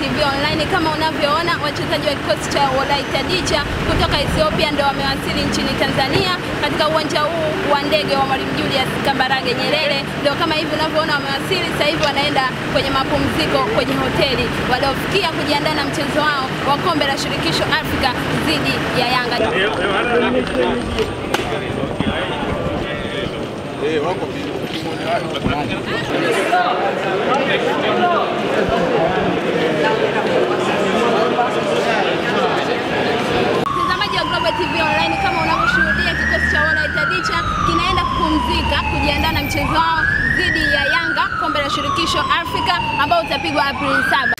TV online. Kama unavyoona wachezaji wa kikosi cha Walaita Dicha kutoka Ethiopia ndio wamewasili nchini Tanzania katika uwanja huu wa ndege wa Mwalimu Julius Kambarage Nyerere. Ndio kama hivi unavyoona wamewasili sasa hivi, wanaenda kwenye mapumziko kwenye hoteli waliofikia kujiandaa na mchezo wao wa kombe la shirikisho Afrika dhidi ya Yanga. Hey, wako Mtazamaji wa Global TV Online, kama unavyoshuhudia kikosi cha Wana Itadicha kinaenda kupumzika kujiandaa na mchezo wao dhidi ya Yanga kombe la shirikisho Afrika ambao utapigwa Aprili saba.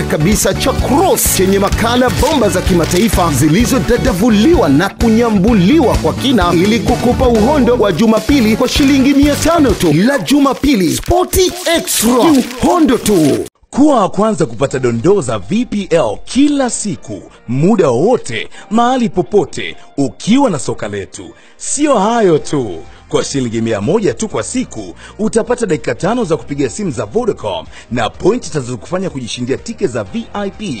bure kabisa cha Cross chenye makala bomba za kimataifa zilizodadavuliwa na kunyambuliwa kwa kina ili kukupa uhondo wa Jumapili kwa shilingi 500 tu. La Jumapili Sporty Extra uhondo tu. Kuwa wa kwanza kupata dondoo za VPL kila siku, muda wowote, mahali popote, ukiwa na soka letu. Sio hayo tu kwa shilingi mia moja tu kwa siku utapata dakika tano za kupiga simu za Vodacom na point tazokufanya kujishindia tike za VIP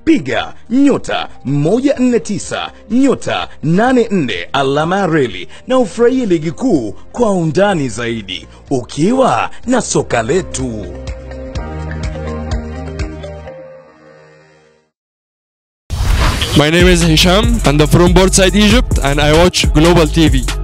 piga nyota 149 nyota 84 alama ya reli na ufurahie ligi kuu kwa undani zaidi ukiwa na soka letu. My name is Hisham and I'm from Portside Egypt and I watch Global TV.